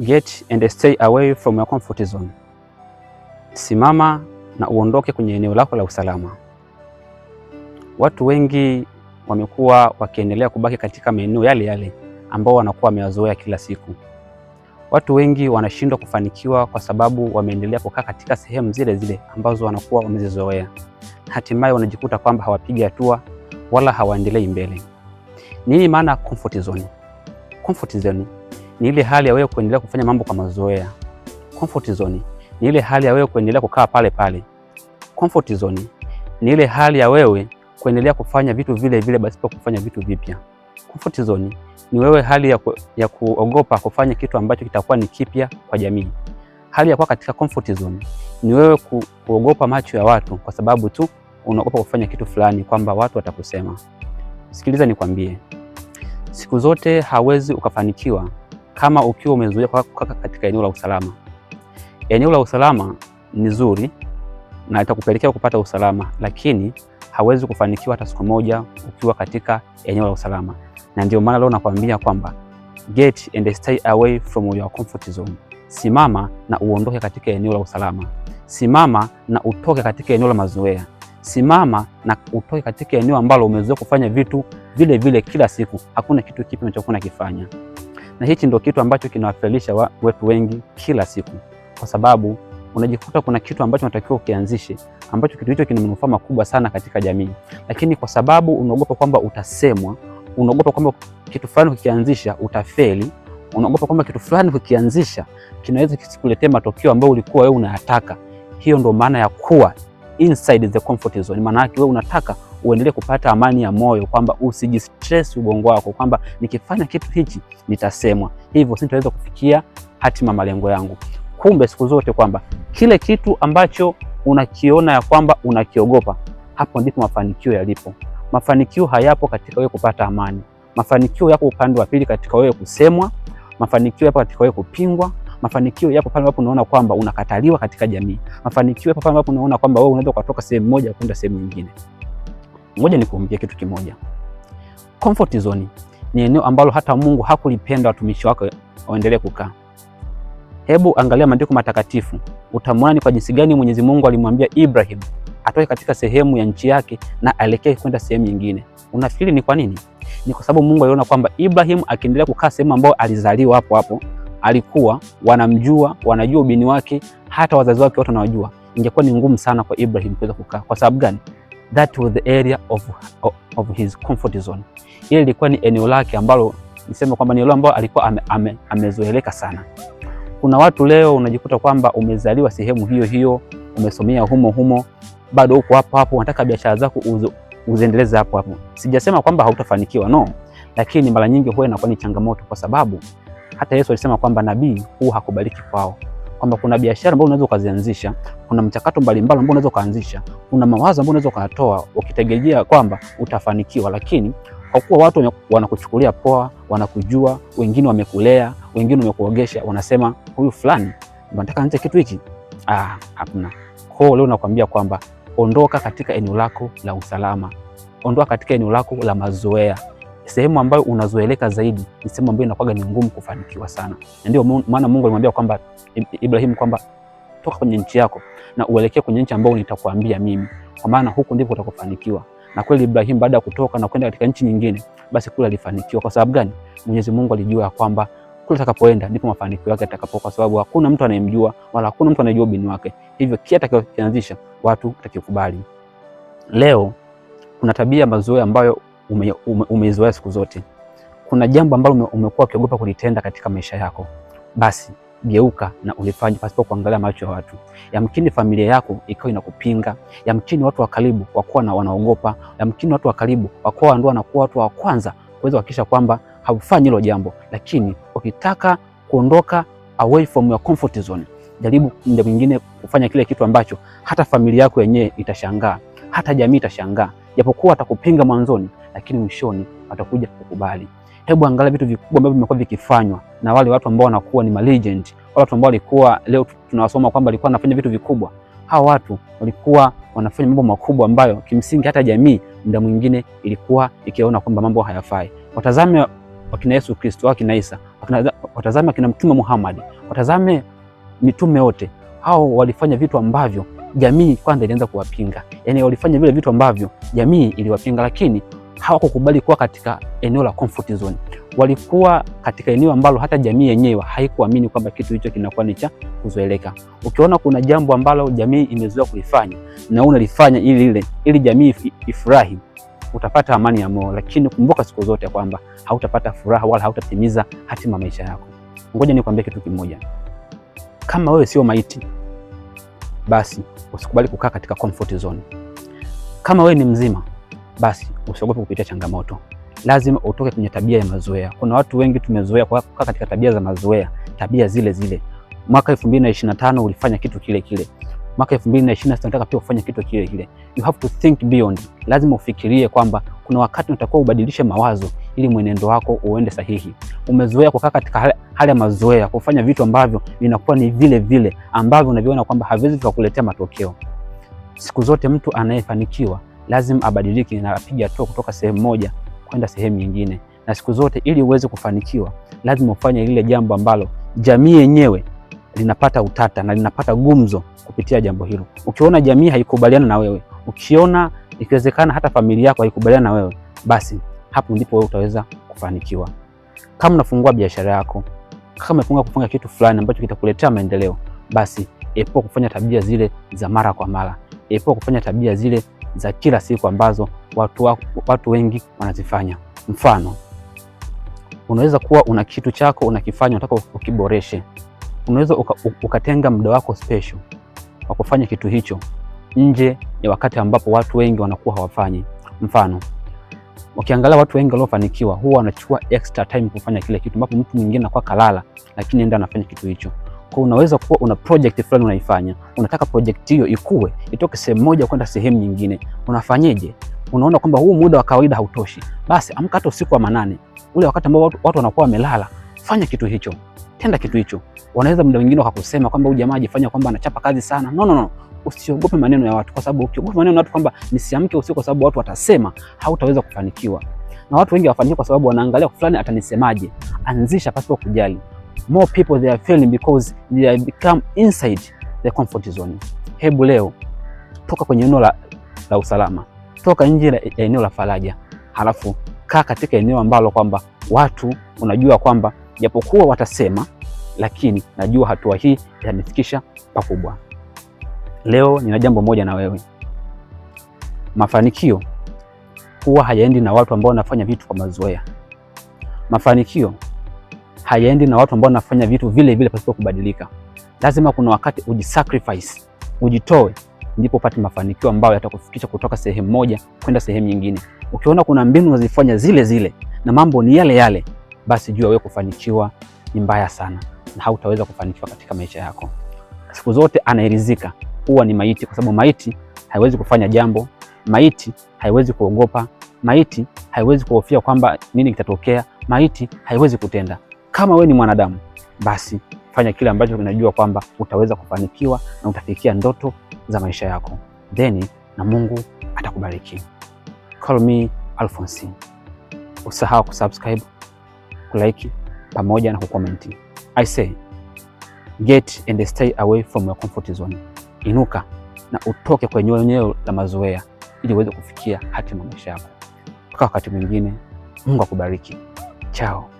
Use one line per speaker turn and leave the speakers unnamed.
Get and stay away from your comfort zone. Simama na uondoke kwenye eneo lako la usalama. Watu wengi wamekuwa wakiendelea kubaki katika maeneo yale yale ambao wanakuwa wameyazoea kila siku. Watu wengi wanashindwa kufanikiwa kwa sababu wameendelea kukaa katika sehemu zile zile ambazo wanakuwa wamezizoea. Hatimaye wanajikuta kwamba hawapigi hatua wala hawaendelei mbele. Nini maana comfort zone? Comfort zone ni ile hali ya wewe kuendelea kufanya mambo kwa mazoea. Comfort zone ni ile hali ya wewe kuendelea kukaa pale pale. Comfort zone ni ile hali ya wewe kuendelea kufanya vitu vile vile pasipo kufanya vitu vipya. Comfort zone ni wewe hali ya, ku, ya kuogopa kufanya kitu ambacho kitakuwa ni kipya kwa jamii. Hali ya kuwa katika comfort zone ni wewe ku, kuogopa macho ya watu kwa sababu tu unaogopa kufanya kitu fulani kwamba watu watakusema. Sikiliza nikwambie, siku zote hawezi ukafanikiwa kama ukiwa umezuia kukaa katika eneo la usalama. Eneo la usalama ni zuri na itakupelekea kupata usalama, lakini hawezi kufanikiwa hata siku moja ukiwa katika eneo la usalama. Na ndio maana leo nakwambia kwamba get and stay away from your comfort zone. Simama na uondoke katika eneo la usalama. Simama na utoke katika eneo la mazoea. Simama na utoke katika eneo ambalo umezoea kufanya vitu vile vile kila siku. Hakuna kitu kipya unachokuwa unakifanya na hichi ndio kitu ambacho kinawafelisha wetu wengi kila siku, kwa sababu unajikuta kuna kitu ambacho unatakiwa ukianzishe ambacho kitu hicho kina manufaa makubwa sana katika jamii, lakini kwa sababu unaogopa kwamba utasemwa, unaogopa kwamba kitu fulani ukikianzisha utafeli, unaogopa kwamba kitu fulani ukikianzisha kinaweza kisikuletee matokeo ambayo ulikuwa wewe unayataka. Hiyo ndio maana ya kuwa inside the comfort zone. Maana yake wewe unataka uendelee kupata amani ya moyo, kwamba usijistress ubongo wako, kwamba nikifanya kitu hichi nitasemwa, hivyo sitaweza kufikia hatima malengo yangu. Kumbe siku zote kwamba kile kitu ambacho unakiona ya kwamba unakiogopa, hapo ndipo mafanikio yalipo. Mafanikio hayapo katika wewe kupata amani. Mafanikio yako upande wa pili, katika wewe kusemwa. Mafanikio yapo katika wewe kupingwa. Mafanikio yapo pale ambapo unaona kwamba unakataliwa katika jamii. Mafanikio yapo pale ambapo unaona kwamba wewe unaweza kutoka sehemu moja kwenda sehemu nyingine. Ngoja nikuambie kitu kimoja, comfort zone ni eneo ambalo hata Mungu hakulipenda watumishi wake waendelee kukaa. Hebu angalia maandiko matakatifu, utamwona ni kwa jinsi gani Mwenyezi Mungu alimwambia Ibrahim atoke katika sehemu ya nchi yake na aelekee kwenda sehemu nyingine. Unafikiri ni kwa nini? Ni kwa sababu Mungu aliona kwamba Ibrahim akiendelea kukaa sehemu ambayo alizaliwa hapo hapo alikuwa wanamjua, wanajua ubini wake, hata wazazi wake wote wanawajua, ingekuwa ni ngumu sana kwa Ibrahim kuweza kukaa. Kwa sababu gani? That was the area of, of, of his comfort zone. Ile ilikuwa ni eneo lake ambalo niseme kwamba ni eneo ambalo alikuwa ame, ame, amezoeleka sana. Kuna watu leo unajikuta kwamba umezaliwa sehemu hiyo hiyo, umesomea humo humo, bado uko hapo hapo, unataka biashara zako uzo uziendeleze hapo hapo. Sijasema kwamba hautafanikiwa no, lakini mara nyingi huwa inakuwa ni changamoto kwa sababu hata Yesu alisema kwamba nabii huu hakubaliki kwao, kwamba kuna biashara ambayo unaweza ukazianzisha, kuna mchakato mbalimbali ambao unaweza ukaanzisha, kuna mawazo ambayo unaweza ukatoa ukitegemea kwamba utafanikiwa, lakini kwa kuwa watu wanakuchukulia poa, wanakujua, wengine wamekulea, wengine wamekuogesha, wanasema huyu fulani ndio nataka nje kitu hiki. Ah, hakuna. Kwa hiyo leo nakwambia kwamba ondoka katika eneo lako la usalama, ondoka katika eneo lako la mazoea sehemu ambayo unazoeleka zaidi ni sehemu ambayo inakuwa ni ngumu kufanikiwa sana. Ndio maana Mungu alimwambia kwamba Ibrahimu kwamba toka kwenye nchi yako na uelekee kwenye nchi ambayo nitakwambia mimi, kwa maana huko ndipo utakofanikiwa. Na kweli Ibrahimu baada ya kutoka na kwenda katika nchi nyingine, basi kule alifanikiwa. Kwa sababu gani? Mwenyezi Mungu alijua kwamba kule atakapoenda ndipo mafanikio yake atakapokuwa, kwa sababu hakuna mtu anayemjua wala hakuna mtu anayejua ubini wake. Hivyo kile atakayoanzisha watu watakikubali. Leo kuna tabia mazoea ambayo umeizoea ume, siku zote. Kuna jambo ambalo umekuwa ukiogopa kulitenda katika maisha yako, basi geuka na ulifanye pasipo kuangalia macho ya watu. Yamkini familia yako ikawa inakupinga, yamkini watu wa karibu wakuwa na wanaogopa, yamkini watu wa karibu wakuwa ndio wanakuwa watu wa kwanza kuweza kuhakikisha kwamba haufanyi hilo jambo. Lakini ukitaka kuondoka away from your comfort zone, jaribu muda mwingine kufanya kile kitu ambacho hata familia yako yenyewe itashangaa, hata jamii itashangaa, japokuwa atakupinga mwanzoni lakini mwishoni watakuja kukubali. Hebu angalia vitu vikubwa ambavyo vimekuwa vikifanywa na wale watu ambao wanakuwa ni malegend, wale watu ambao walikuwa leo tunawasoma kwamba walikuwa wanafanya vitu vikubwa. Hawa watu walikuwa wanafanya mambo makubwa ambayo kimsingi hata jamii muda mwingine ilikuwa ikiona kwamba mambo hayafai. Watazame wakina Yesu Kristo, wakina Isa, watazame wakina Mtume Muhammad, watazame mitume wote. Hao walifanya vitu ambavyo jamii kwanza ilianza kuwapinga, yaani walifanya vile vitu ambavyo jamii iliwapinga, lakini hawakukubali kuwa katika eneo la comfort zone, walikuwa katika eneo ambalo hata jamii yenyewe haikuamini kwamba kitu hicho kinakuwa ni cha kuzoeleka. Ukiona kuna jambo ambalo jamii imezoea kulifanya na unalifanya ili ile ili jamii ifurahi, utapata amani ya moyo, lakini kumbuka siku zote kwamba hautapata furaha wala hautatimiza hatima maisha yako. Ngoja nikwambie kitu kimoja, kama wewe sio maiti, basi usikubali kukaa katika comfort zone. Kama wewe ni mzima basi usiogope kupitia changamoto. Lazima utoke kwenye tabia ya mazoea. Kuna watu wengi tumezoea kukaa katika tabia za mazoea, tabia zile zile. Mwaka 2025 ulifanya kitu kile kile, mwaka 2026 unataka pia ufanye kitu kile kile. You have to think beyond. Lazima ufikirie kwamba kuna wakati unatakiwa ubadilishe mawazo ili mwenendo wako uende sahihi. Umezoea kukaa katika hali ya mazoea, kufanya vitu ambavyo vinakuwa ni vile vile ambavyo unaviona kwamba haviwezi kukuletea matokeo. Siku zote mtu anayefanikiwa lazima abadilike na apige hatua kutoka sehemu moja kwenda sehemu nyingine. Na siku zote ili uweze kufanikiwa, lazima ufanye lile jambo ambalo jamii yenyewe linapata utata na linapata gumzo kupitia jambo hilo. Ukiona jamii haikubaliana na wewe, ukiona ikiwezekana hata familia yako haikubaliana na wewe, basi hapo ndipo wewe utaweza kufanikiwa. Kama unafungua biashara yako, kama umefunga kufanya kitu fulani ambacho kitakuletea maendeleo, basi epuka kufanya tabia zile za mara kwa mara, epuka kufanya tabia zile za kila siku ambazo watu, watu wengi wanazifanya. Mfano, unaweza kuwa una kitu chako unakifanya unataka ukiboreshe. Unaweza uka, ukatenga muda wako special wa kufanya kitu hicho nje ya wakati ambapo watu wengi wanakuwa hawafanyi. Mfano, ukiangalia watu wengi waliofanikiwa huwa wanachukua extra time kufanya kile kitu ambapo mtu mwingine anakuwa kalala, lakini enda anafanya kitu hicho. Kwa unaweza kuwa una project fulani unaifanya, unataka project hiyo ikue, itoke sehemu moja kwenda sehemu nyingine. Unafanyeje? Unaona kwamba huu muda wa kawaida hautoshi, basi amka hata usiku wa manane, ule wakati ambao watu watu wanakuwa wamelala, fanya kitu hicho, tenda kitu hicho. Wanaweza muda mwingine wakakusema kwamba huyu jamaa ajifanya kwamba anachapa kazi sana. No, no, no. Usiogope maneno ya watu, kwa sababu ukiogopa maneno ya watu kwamba nisiamke usiku kwa sababu watu watasema, hautaweza kufanikiwa. Na watu wengi hawafanikiwi kwa sababu wanaangalia fulani atanisemaje. Anzisha pasipo kujali more people they are failing because they have become inside the comfort zone. Hebu leo toka kwenye eneo la, la usalama, toka nje ya e, eneo la faraja, halafu kaa katika eneo ambalo kwamba watu unajua kwamba japokuwa watasema, lakini najua hatua hii itanifikisha pakubwa. Leo nina jambo moja na wewe, mafanikio huwa hayaendi na watu ambao wanafanya vitu kwa mazoea. Mafanikio hayaendi na watu ambao wanafanya vitu vile vile pasipo kubadilika. Lazima kuna wakati ujisacrifice, ujitoe, ndipo upate mafanikio ambayo yatakufikisha kutoka sehemu moja kwenda sehemu nyingine. Ukiona kuna mbinu unazifanya zile zile na mambo ni yale yale, basi jua wewe kufanikiwa ni mbaya sana na hautaweza kufanikiwa katika maisha yako. Siku zote anayeridhika huwa ni maiti, kwa sababu maiti haiwezi kufanya jambo, maiti haiwezi kuogopa, maiti haiwezi kuhofia kwamba nini kitatokea, maiti haiwezi kutenda. Kama we ni mwanadamu, basi fanya kile ambacho unajua kwamba utaweza kufanikiwa na utafikia ndoto za maisha yako, then na Mungu atakubariki. Call me Alfonsi. Usahau kusubscribe, kulike pamoja na kukomenti. I say get and stay away from your comfort zone. Inuka na utoke kwenye eneo la mazoea ili uweze kufikia hatima maisha yako. Mpaka wakati mwingine, Mungu akubariki. Chao.